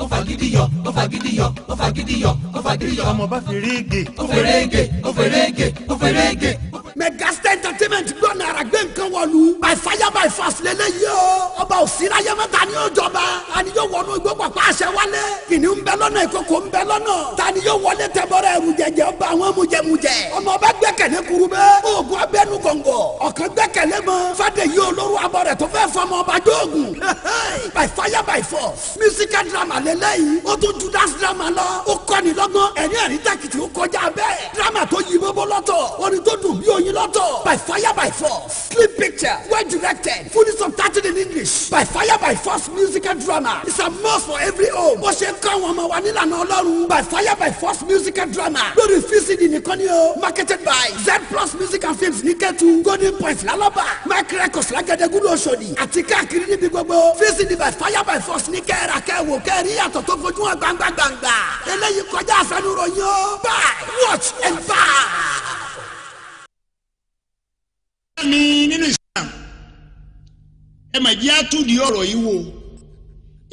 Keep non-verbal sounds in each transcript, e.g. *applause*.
ó fagídí yọ ó fagídí yọ ó fagídí yọ ó fagídí yọ. ọmọ bá fèrè gè. ó fèrè gè ó fèrè gè ó fèrè gè. megastar agreement gbọ́ nàrà gbé nǹkan wọ̀lú. by fire by fast lélẹ̀ yìí o. ọba òsínra yẹmẹ ta ni yóò jọba. ta yóò wọnú igbó pàpà àṣẹ wálé. kìnìún ń bẹ lọ́nà ìkókò ń bẹ lọ́nà. ta yóò wọlé tẹbọrẹ ẹrù jẹjẹ ọba àwọn mujẹmujẹ. ọmọ bẹ gbẹkẹlé kurubẹ. oògùn abẹnú gọ̀ngọ̀. ọ̀kan gbẹkẹlé mọ. fàdé yìí olórí abọrẹ tó fẹ́ fọmọ ọba jóògùn. *laughs* by fire by force. Fire by Force. Sleep Picture. Well directed. Fully subtitled in English. By Fire by Force musical drama. It's a must for every home. Bó ṣe ń kọ́ àwọn ọmọ wa nílànà Ọlọ́run. By Fire by Force musical drama. Lórí Fisidi nìkan ni o. Marketed by Z Plus Music and Films ní Kẹ́tù. Golden Point Lálọ́bà. Mike Records Lágẹ̀dẹ̀gúdú Òṣòdì. Àti káàkiri níbi gbogbo. Fisidi by Fire by Force ní kẹ́ra kẹ́wò kẹ́rí yàtọ̀ tó fojú hàn gbangba gbangba. Eléyìí kọjá àfẹnuròyìn o. Buy, watch and buy ni nínú Islam ẹ mà jẹ́ àtúndì ọ̀rọ̀ yìí wò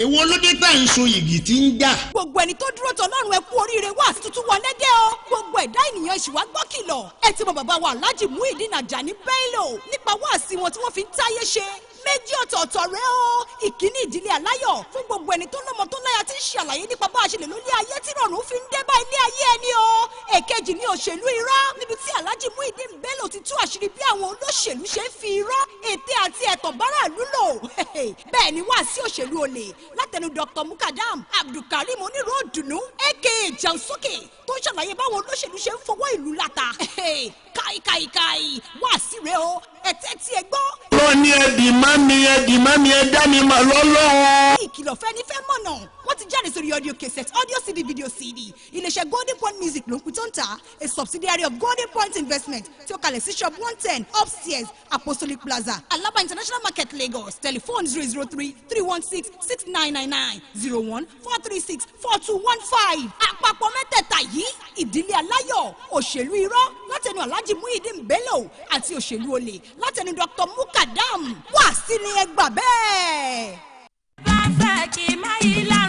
èwo lóde tá à ń so yìgì tí ń jà. gbogbo ẹni tó dúró tọ lọ́rùn ẹ kú oríire wá àti tuntun wọlé dé o gbogbo ẹ̀dá ènìyàn ìṣìwà gbọ́ kìlọ̀ ẹ ti mọ bàbá wa Alhaji Muhyiddin Ajani Bello nípa wáàsí wọn tí wọ́n fi ń táyé ṣe méjì ọ̀tọ̀ọ̀tọ̀ rẹ o ìkíní ìdílé aláyọ̀ fún gbogbo ẹni tó lọ́mọ tó láya tí ń ṣàlàyé nípa bá a ṣe lè lólé ayé tí rọ̀rùn fi ń dé ilé ayé ẹni o èkejì ni òṣèlú irọ́ níbi tí Alhaji Muideen Bello ti tú àṣírí bí àwọn olóṣèlú ṣe ń fi irọ́ ète àti ẹ̀tàn bára lò *laughs* olè bẹ́ẹ̀ ni wá sí òṣèlú olè látẹnu Dr Mukadam Abdulkarim onírò òdùnnú aka jansókè tó ń ṣàlàyé báwọn olóṣèlú ṣe ń fọwọ́ ìlú lata káìkáìkáì wá sí rẹ o ẹ̀tẹ́ tí ẹ gbọ́. lọ ni ẹ dì má mi ẹ dì má mi ẹ dá mi mà lọ́lọ́run. ìkìlọ̀ fẹ́ ní fẹ́ mọ̀nà wọ́n ti jáde sórí audio cassette audio cd video cd iléeṣẹ́ golden point music ló ń pin tó ń ta a subsidiary of golden point investment tí ó kalẹ̀ sí shop one ten upstairs apostolic plaza alaba international market lagos telephone zero zero three three one six six nine nine nine zero one four three six four two one five. àpapọ̀ mẹ́tẹ̀ẹ̀ta yìí ìdílé aláyọ̀ òṣèlú irọ́ látẹnu alhaji muhyiddin bello àti òṣèlú olè látẹnu dr mukadam wá sí ni ẹgbà bẹ́ẹ̀. bá a fẹ́ kí máyì lára.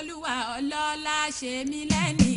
olúwa ọlọ́lá ṣe mí lẹ́ni.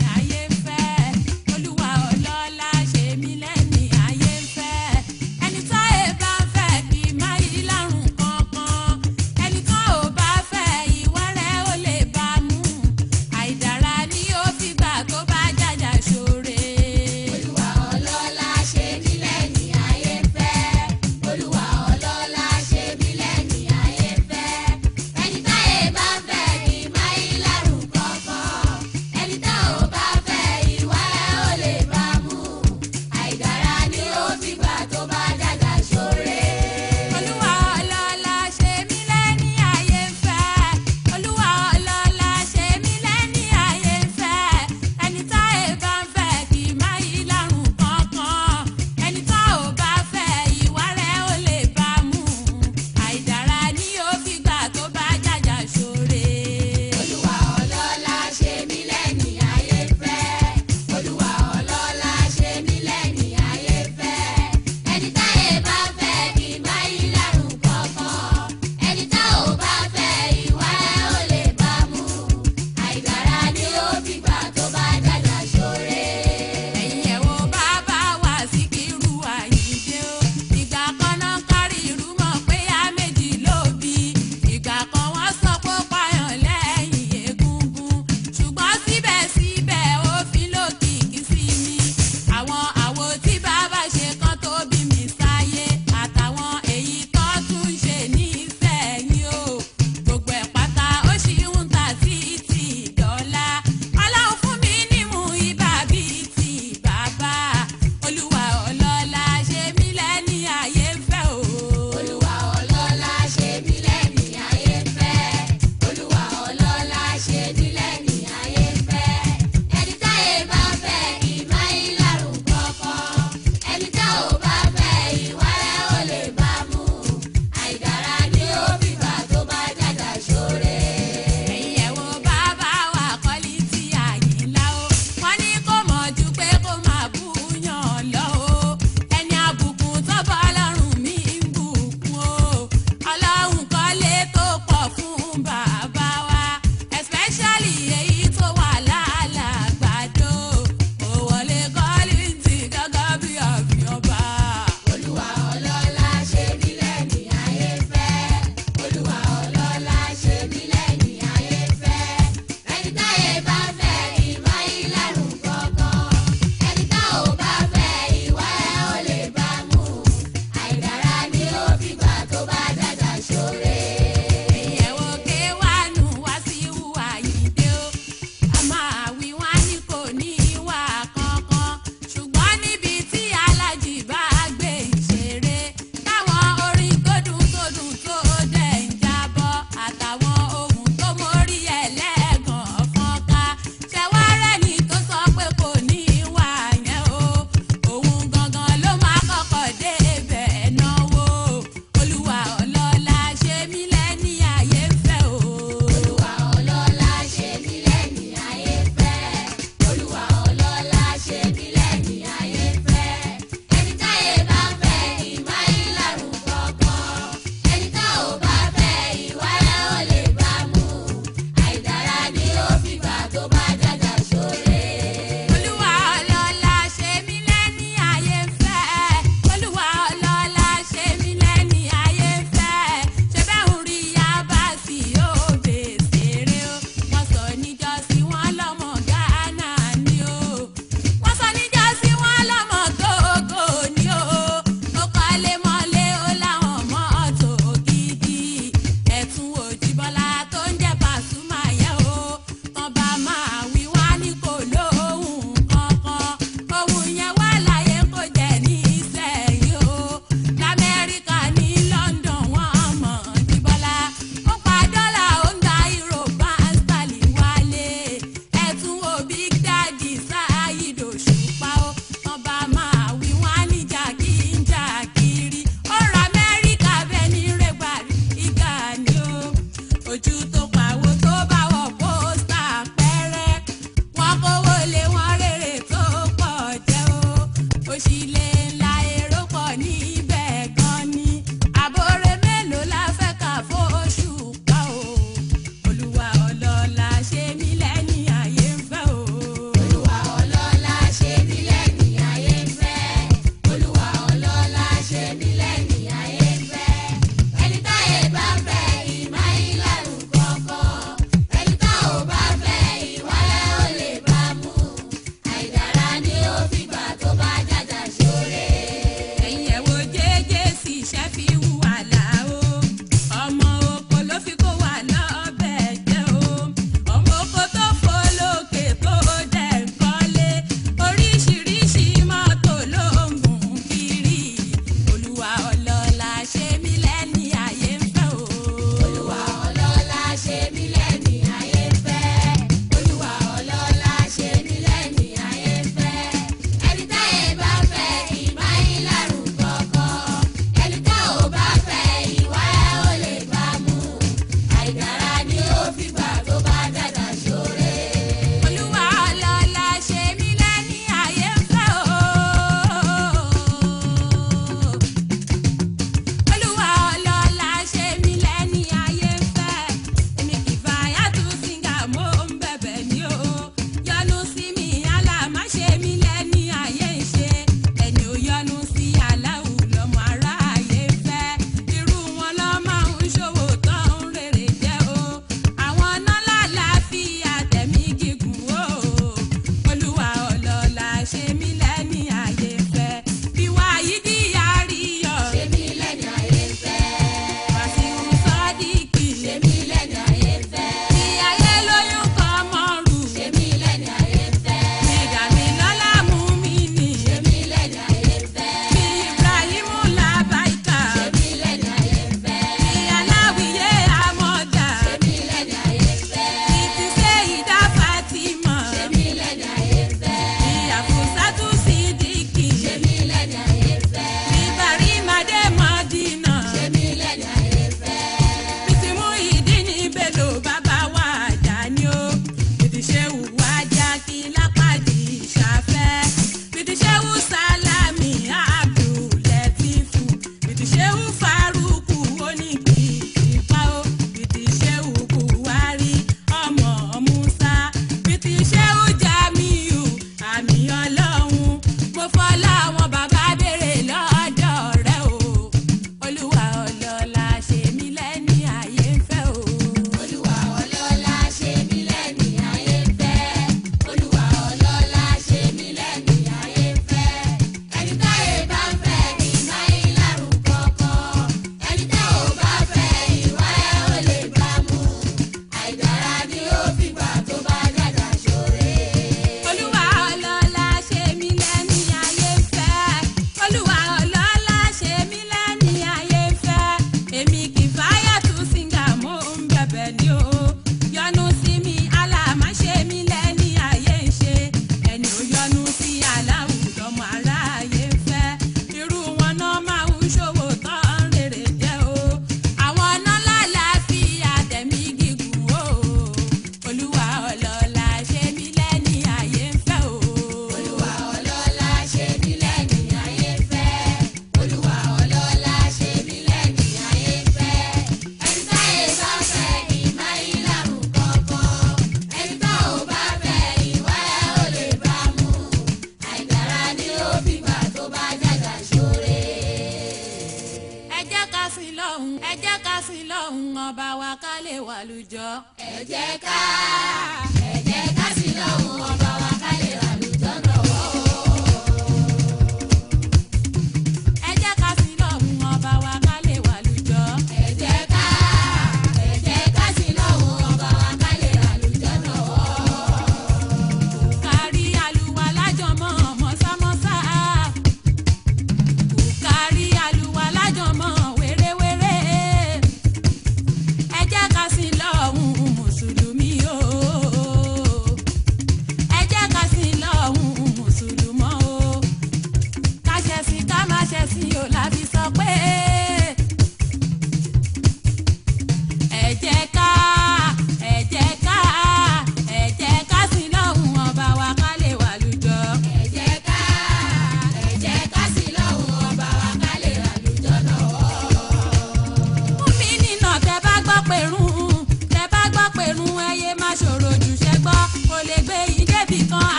Capitão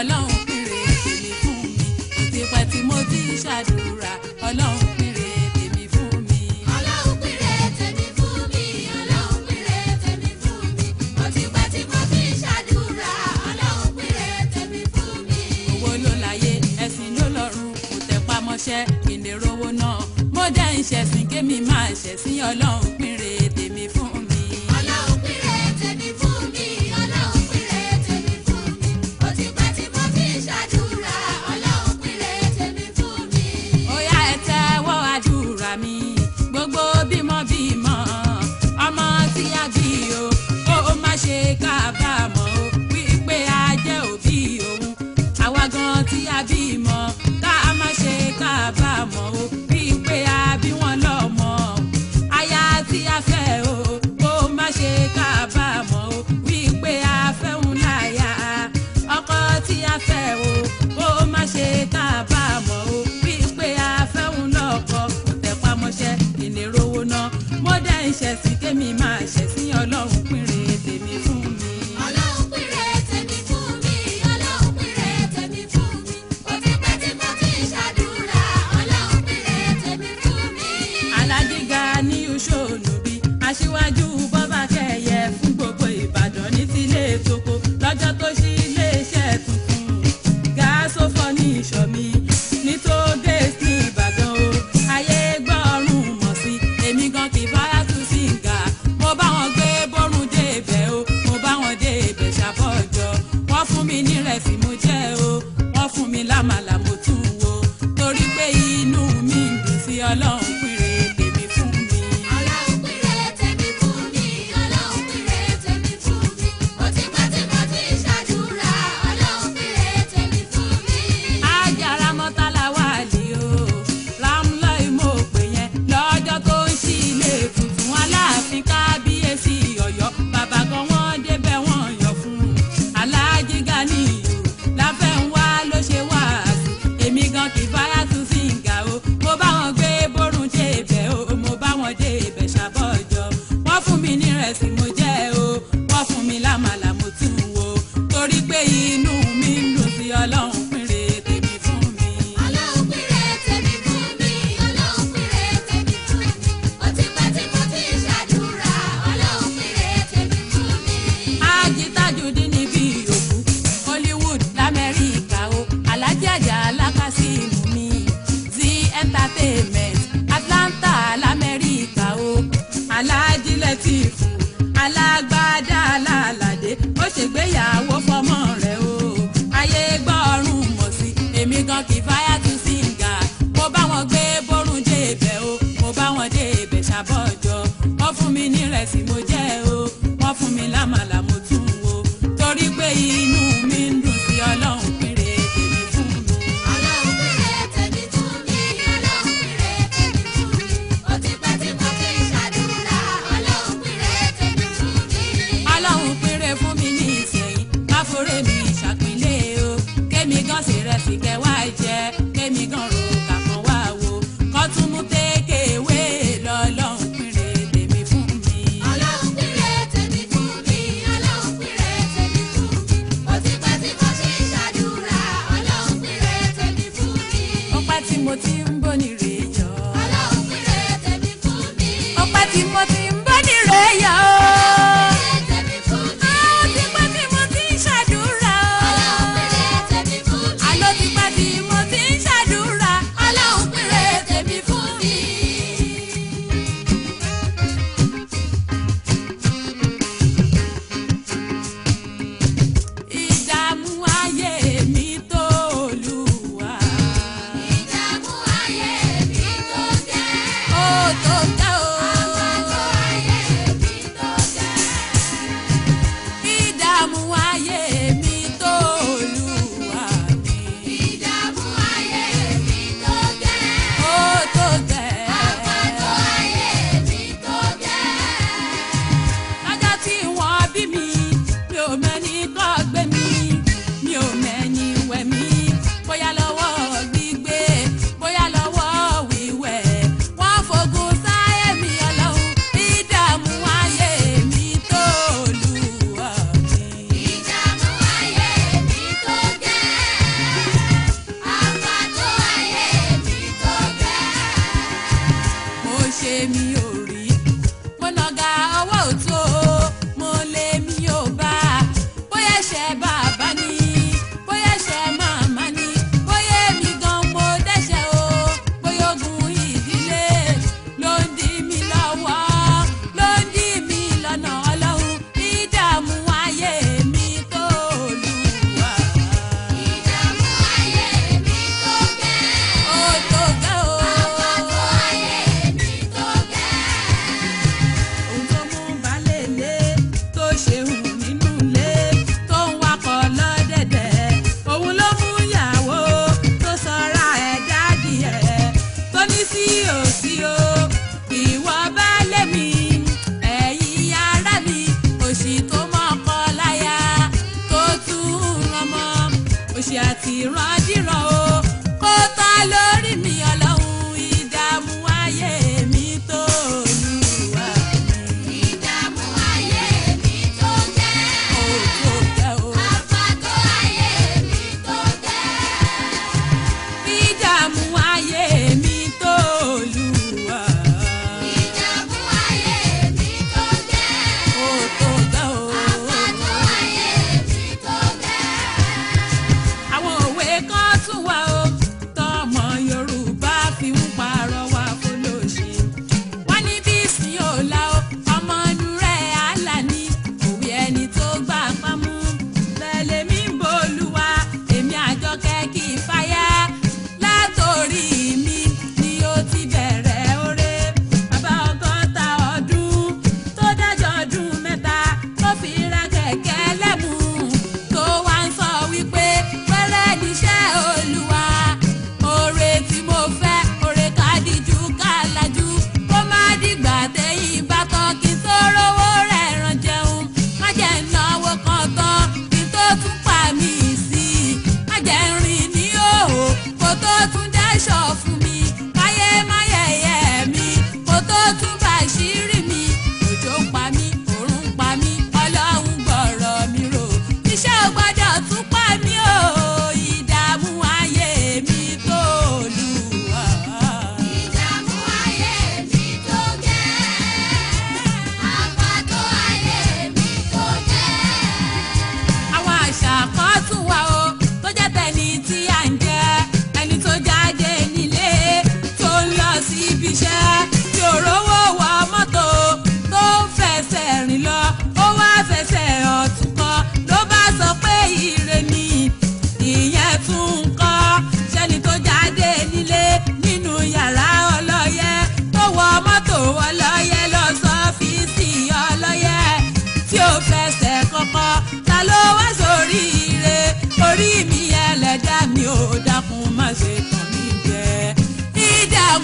ọlọ́run pèrè tèmi fún mi kò ti pẹ́ tí mo ti ṣàdúrà mi. ọlọ́run pèrè tèmi mi ọlọ́run pèrè tèmi fún mi kò ti mi. owó ló láyé ẹ̀sìn ló lọ́rùn kò tẹpá mọ́ṣẹ́ kí n lè rówó náà mo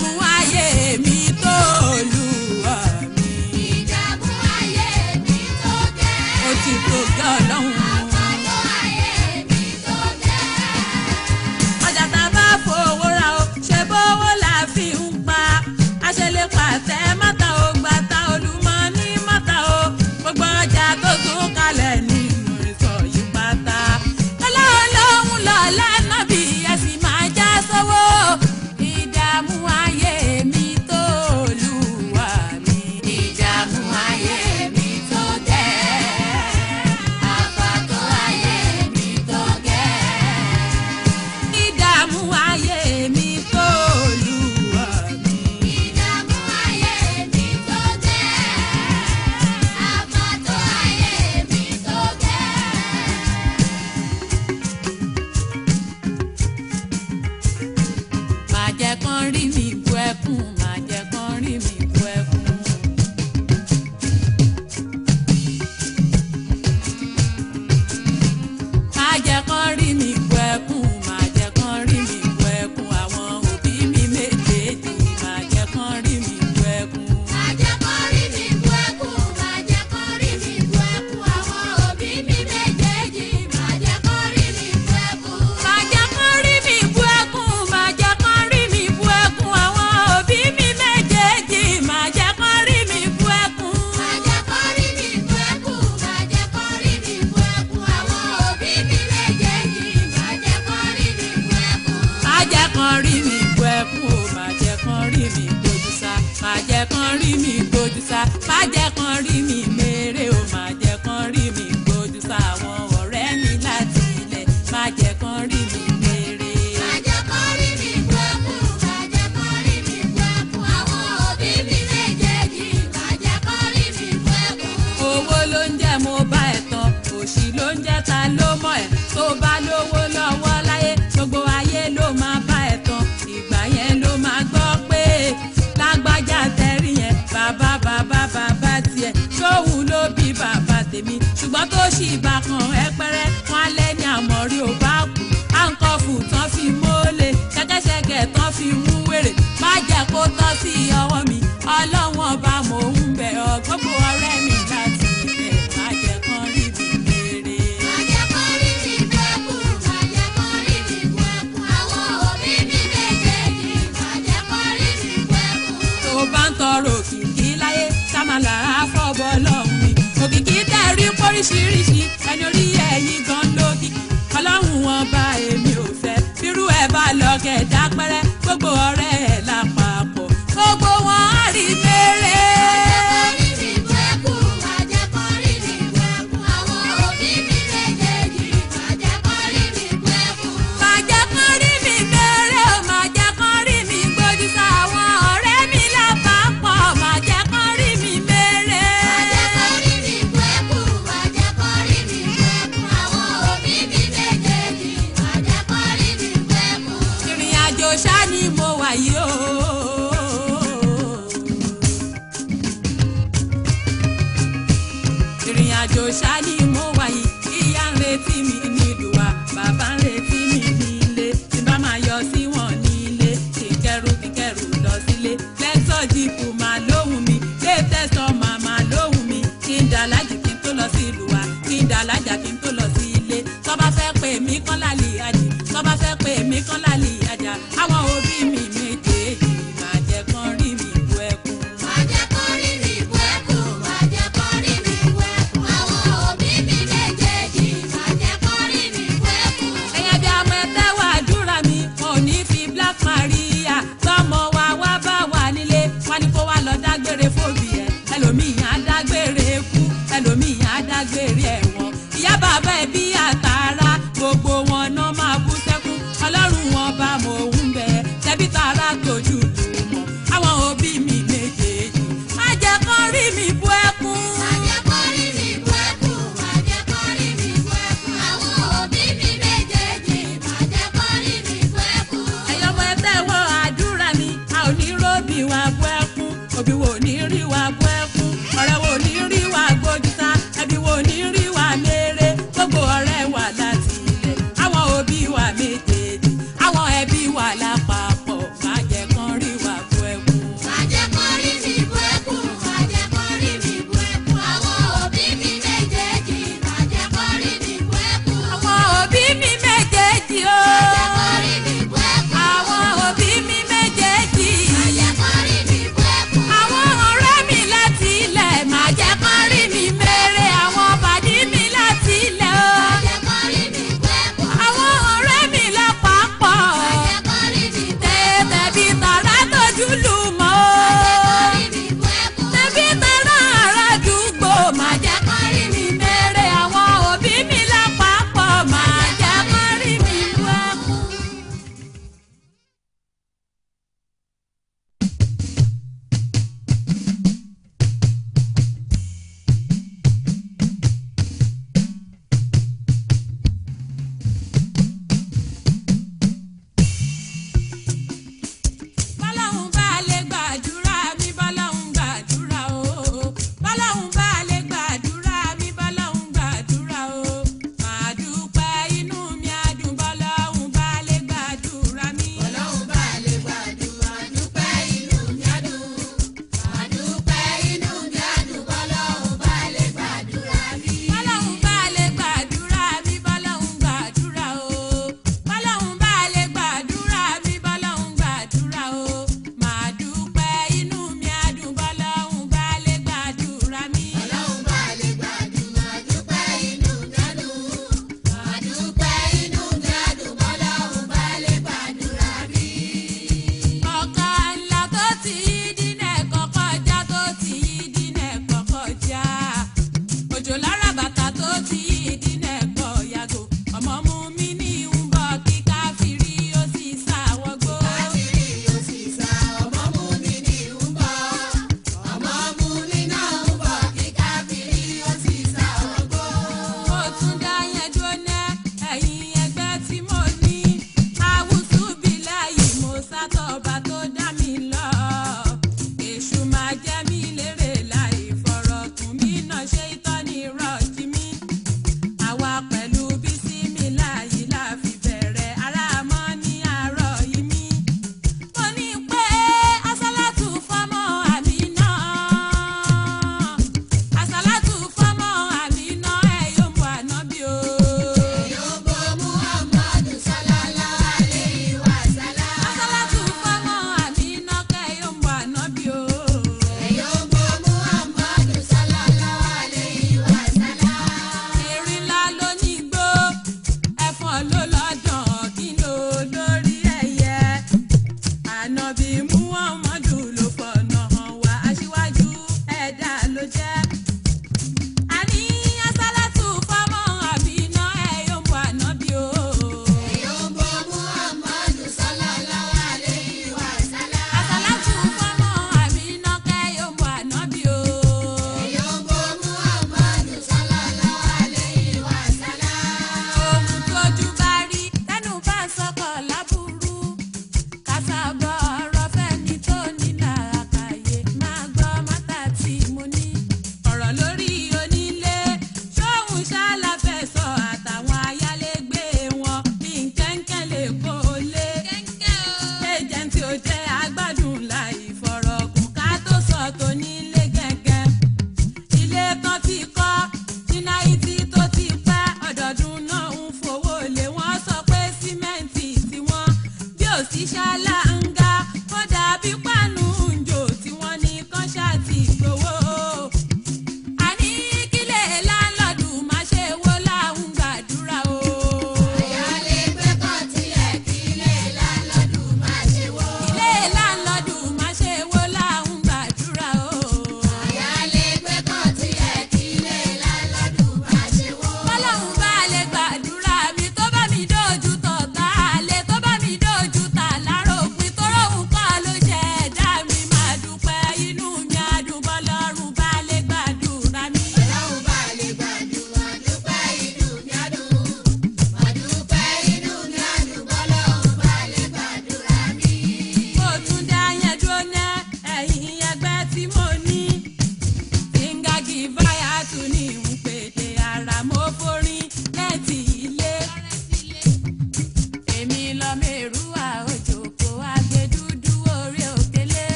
mú ayé mi tó. má jẹ́ kán rí mi gbójú sá má jẹ́ kán rí mi ṣùgbọ́n tó ṣì bá kan ẹpẹrẹ wọn alẹ́ ní àmọ́rí ò bá kú àǹkọ́fù tán fi mọ́lẹ̀ ṣẹ́kẹ́ṣẹkẹ̀ tán fi mú wèrè má jẹ́ kó tọ́ sí ọwọ́ mi ọlọ́wọ́n bá lóríṣiríṣi ẹni orí ẹ̀yìn gan lógi ọlọ́run wọn bá èmi ò fẹ́ fírú ẹ̀ bá lọ kẹ̀ dápẹ́rẹ́ gbogbo ọ̀rẹ́ ẹ̀.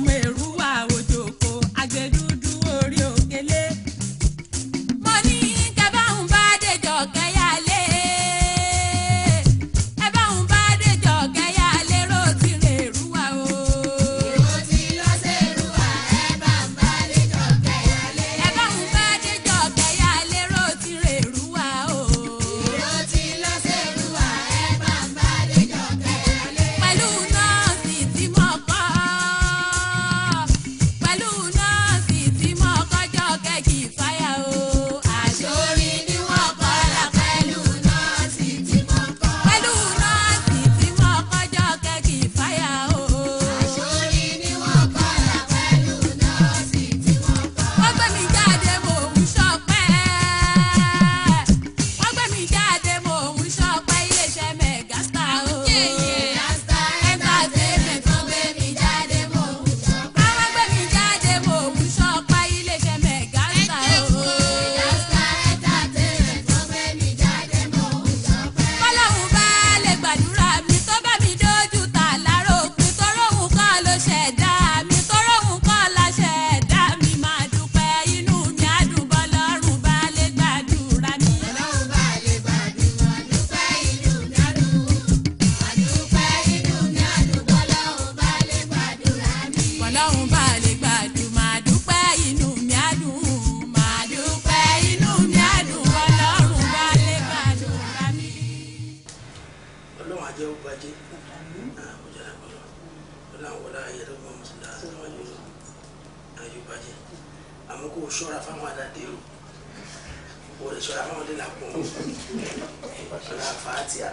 me ọlọ́run ajẹ́ ó bàjẹ́ àkójọ ah, lápapọ̀ ọlọ́run wọlé ayé lọ́gbọ̀n mùsùlùmí àtàwọn yòó ayé ó bàjẹ́ àmọ́ kò ṣọ́ra fáwọn àdàdé o kò lè ṣọ́ra fáwọn àdàdé làpọ̀ ọ̀la fàátìá.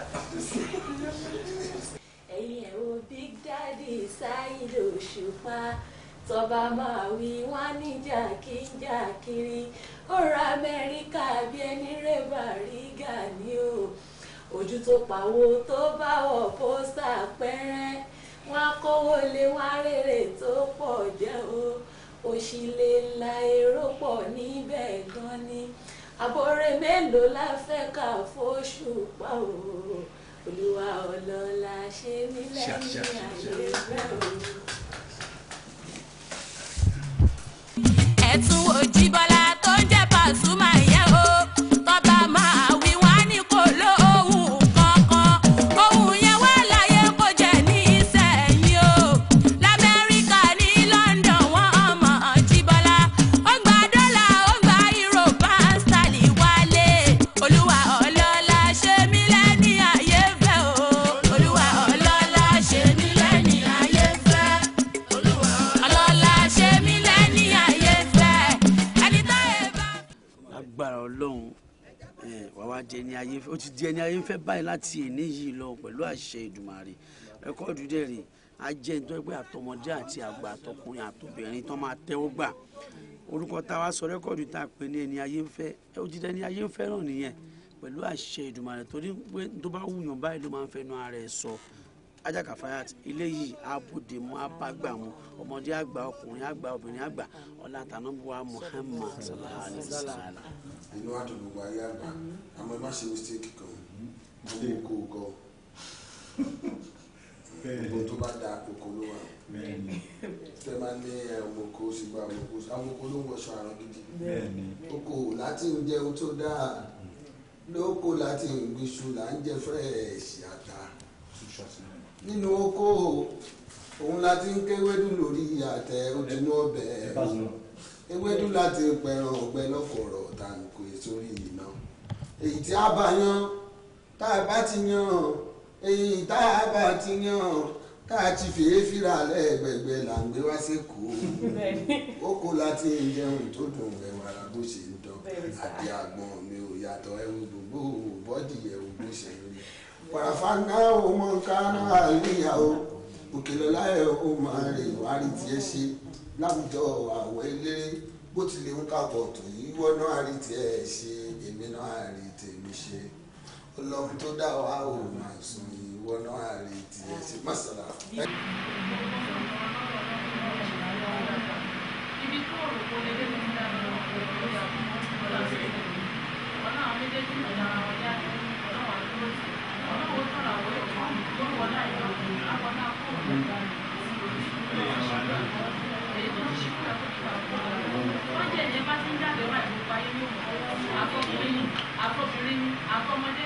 ẹ̀yin ẹ̀ wo big daddy Saheed Òṣùpá tọba máa wí wá níjà kí n jà kiri ó ra amẹ́ríkà bí ẹni rẹ̀ bàrígà ni o ojú tó pawó tó bá wọ pósítà pẹ́rẹ́ wọ́n á lé wọ́n á tó pọ̀ jẹ́ o òṣìlè la èrò pọ̀ níbẹ̀ gan ni àbọ̀rẹ̀ mélòó la fẹ́ ká fóṣù pa o olúwa ọlọ́lá ṣe nílẹ̀ ní ayé rẹ̀ o. ẹ wo Jíbọ́lá tó ń jẹ́ Pasuma wá di ẹni ayé ó ti di ẹni ayé ń fẹ́ báyìí láti èní yìí lọ pẹ̀lú àṣẹ Èdùmàrè rẹ́kọ́ọ̀dù dẹ̀ rè á jẹ́ ẹni tó pé àtọmọdé àti àgbà àtọkùnrin àtobìnrin tó máa tẹ́wọ́ gbà orúkọ tá a wá sọ rẹ́kọ́ọ̀dù tá a pè ní ẹni ayé ń fẹ́ ó ti di ẹni ayé ń fẹ́ràn nìyẹn pẹ̀lú àṣẹ Èdùmàrè torí pé tó bá wùyàn báyìí ló máa ń fẹnu ara ẹ̀ sọ ajaka fayat eléyìí abúdé mu abágbà mu ọmọdé àgbà ọkùnrin àgbà obìnrin àgbà ọlá tànàbùwà Muhammad sallallahu alayhi wa sallam inú àdùn gbogbo ayé àgbà a ẹ má ṣe mistake kan ilé ìkó kọ gbogbo tó bá da àpòkò ló wà tẹ máa ní ọmọkó ṣùgbọ́n àmọkó àmọkó ló ń wọṣọ àrùn gidi oko láti ń jẹ ohun tó dáa lóko láti ń gbìṣù là ń jẹ fẹ́ẹ̀ṣì àtà nínú oko òun láti ń kéwédú lórí àtẹ ojúmọ́ ọbẹ̀ ẹ̀ ewédú láti pẹran ọgbẹ lọkọọrọ tàǹkù èso e rí yìí náà èyí tí a bá yan tá a bá ti yan èyí tá a bá ti yan tá a ti fèé fìrà lẹ́ẹ̀gbẹ̀gbẹ̀ là ń gbé wá sékòó oko láti ń jẹun tó dùn ẹ̀wà ara bó ṣe ń dán àti àgbọn mi ò yàtọ̀ ẹ̀wù gbogbo bọ́dì ẹ̀wù bó ṣe ń rí pàràfàǹdà ọmọ nǹkan àríyá o òkèlọ́lá ẹ̀ ó máa rè wárí tiẹ̀ ṣe láwùjọ àwọ̀ ilé bó tilẹ̀ ń kàbọ̀ tó yìí wọ́n náà rí tiẹ̀ ṣe èmi náà rí tèmi ṣe ọlọ́run tó dá wa ò máa sùn ìwọ náà rí tiẹ̀ ṣe mọ́sálà. ibi tó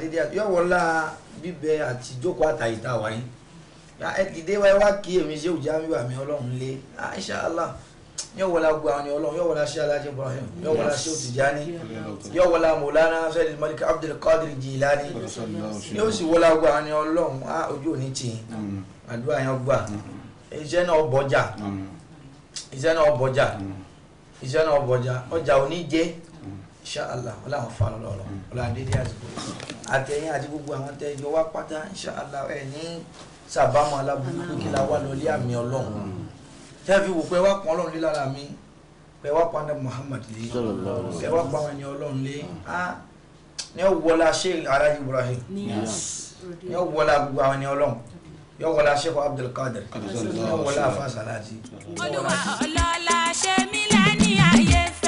dédé yọ̀wọ́lá bíbẹ àti jókòó àtàyè tá a wà yín ẹ dìde wáyé wá kí èmi ṣé òjá mi wà mí ọlọ́run lé ah, inṣàlá yọ̀wọ́lá gba àwọn ọlọ́run yọ̀wọ́lá ṣé aláṣẹ Ibrahim yọ̀wọ́lá ṣé Tijani yọ̀wọ́lá mọ̀lánà fẹ́ẹ́lì malik Abdulkadir Jilani yóò sì wọ́lá gba àwọn ọlọ́run ah, ojú òní tì í àdúrà yẹn gbà iṣẹ́ náà bọjà iṣẹ́ náà bọjà iṣẹ́ náà bọjà ọjà òní jẹ́ inṣàlá ọlá àwọn fa ọlọ́ọ̀lọ́ ọlá àdédé àsìkò àtẹ̀yìn àti gbogbo àwọn tẹ̀yìn ọwá pátá inṣàlá ẹ̀ ní sàbámu aláburú pé kí la wà lọ lé àmì ọlọ́run hmm. tẹ́ẹ̀fì wò pé wá pọn ọlọ́run líla la mi pé wá pọn Muhammad lé pé wá pọn àwọn ẹni ọlọ́run lé ní ó wọlá ṣe Alhaji Ibrahim ní ó wọlá gbogbo àwọn ẹni ọlọ́run yóò wọlá ṣe kó Abdul Qadir yóò wọlá afa Salati. olùwà ọlọ́lá ṣe mí